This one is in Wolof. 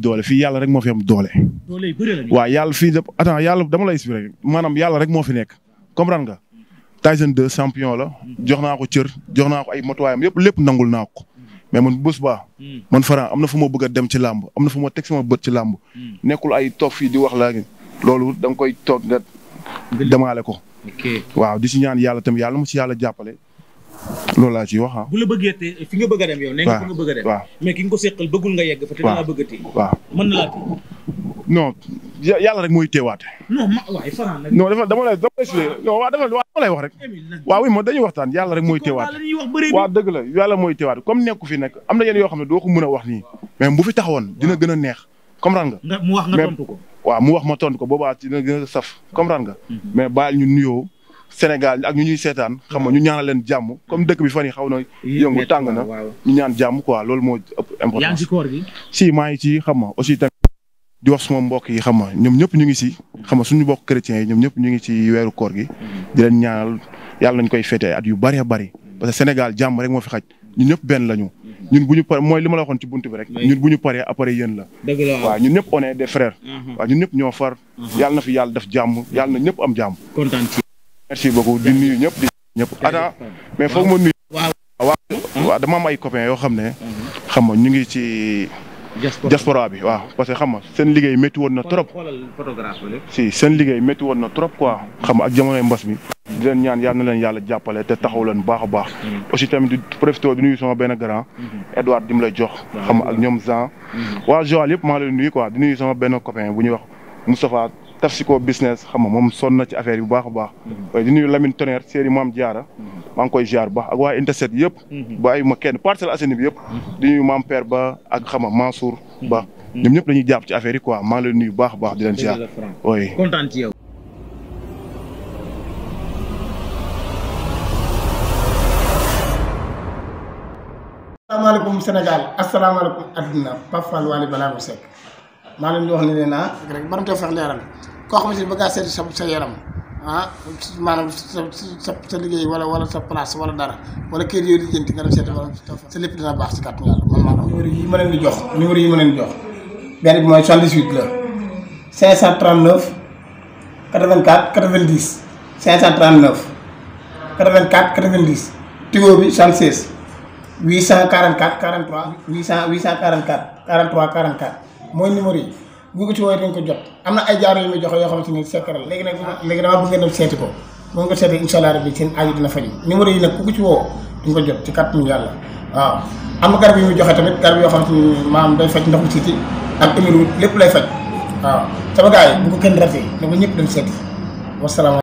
doole fii yàlla rek moo fi am doole. doole waaw yàlla fii de attends yàlla dama lay expliquer maanaam yàlla rek moo fi nekk comprendre nga. Tyson 2 champion la. jox naa ko cër jox naa ko ay matuwaayam yëpp lépp nangul naa ko. mais man bés ba. Hmm. man Franc am na fu ma bëgg a dem ci làmb am na fu ma teg sama bët ci làmb. Hmm. nekkul ay toog fii di wax laa ngi loolu da koy toog nga demaale ko. waaw di si ñaan yàlla tamit yàlla mu yàlla jàppale. loolu laa ciy wax ah. bu la bëggee te fi nga bëgg a dem a dem ko seqal bëggul nga yegg fa te waaw mën yàlla rek mooy téewaate. non ma dama lay dama lay non waaw dafa dama lay wax rek. waaw oui man dañuy waxtaan yàlla rek mooy téewaate. waaw dëgg la yàlla mooy téewaate comme nekku fi nag am na yenn yoo xam ne doo ko mën a wax nii. mais bu fi taxawoon dina gën a neex. comprendre ran mu wax ko. waaw mu wax ma tontu ko boobaa dina gën a saf comprendre nga. Mm-hmm. mais baal nuyoo Sénégal ak ñu ñuy seetaan xam nga ñu ñaanal leen jàmm comme dëkk bi fan yi xaw na yëngu tàng na ñu ñaan jàmm quoi loolu moo ëpp importance. yaa ngi ci koor si maa ngi ci xam nga aussi tamit di wax suma mbokk yi xam nga ñoom ñëpp ñu ngi si xam nga suñu mbokk chrétiens yi ñoom ñëpp ñu ngi ci weeru koor gi di leen ñaanal yàlla nañ koy féetee at yu bëree bëri parce que Sénégal jàmm rek moo fi xaj ñun ñëpp benn lañu ñun bu ñu paree mooy li ma la waxoon ci bunt bi rek ñun bu ñu paree après yéen la waaw ñun ñëpp on est des frères mhm. waaw ñëpp ñoo far yàlla na fi yàlla def jàmm yàlla ñëpp am jàmm merci beaucoup di nuyu ñëpp di ñëpp dama am ay copains yoo xam ne mhm. xam nga ñu ngi ci diaspora bi waa parce que xam nga seen liggéey métti woon na trop si seen liggéey métti na trop quoi xam ak jamonoy mbas mi di leen ñaan yal na leen yàlla jàppale te taxaw leen baax a baax mhm. aussi tamit di profité di nuyu sama benn grand mhm. Edouard di jox xam ak ñoom Jean waa Joal yëpp maa leen nuyu quoi di nuyu sama benn copain bu wax Moustapha taf si ko business xam nga moom sonn na ci affaire yi baax a baax. Mhm. di nuyu Lamine Tonnerre Serigne Mame Diarra. Mhm. maa ngi koy ziar bu ak waa Interset yëpp. Mhm. bàyyi ma kenn Parcelles Assainies bi yëpp. di nuyu Mame Père Ba ak xam nga Mansour Ba. ñoom ñëpp dañuy jàpp ci affaire yi quoi maa ngi leen nuyu bu baax a baax di leen ziar. oui kontaan ci yow. maa leen di wax ne leen ah rek mën nga fex leeral koo xamante ni bëgg a seeti sa sa yaram ah maanaam sa sa liggéey wala wala sa place wala dara wala kër yooyu lijjanti nga dem seeti wala sa lépp dina baax si kàttan yàlla man maa numéro yi ma leen di jox numéro yi ma leen di jox benn bi mooy 78 la 539 84 90 539 84 90 tigo bi 76 844 43 800 844 43 44 mooy numéro yi bu ko ci woowee dañ ko jot am na ay jaar yu muy joxe yoo xamante ni secret léegi nag léegi damaa bëgg ngeen dem seeti ko bu nga seeti incha allah rabbi seen aaju dina faju yi nag ko ci woo duñ ko jot ci kàttanu yàlla am na garab yu muy joxe tamit garab yoo xamante ni maam day faj ndoxu siiti ak émiru lépp lay faj waaw sama gars bu ko kenn rafet na ko ñëpp dem seeti wasalaamaaleykum